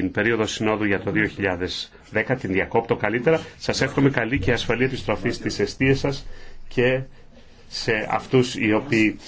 την περίοδο συνόδου για το 2010, την διακόπτω καλύτερα. Σας εύχομαι καλή και ασφαλή επιστροφή στις αιστείες σας και σε αυτούς οι οποίοι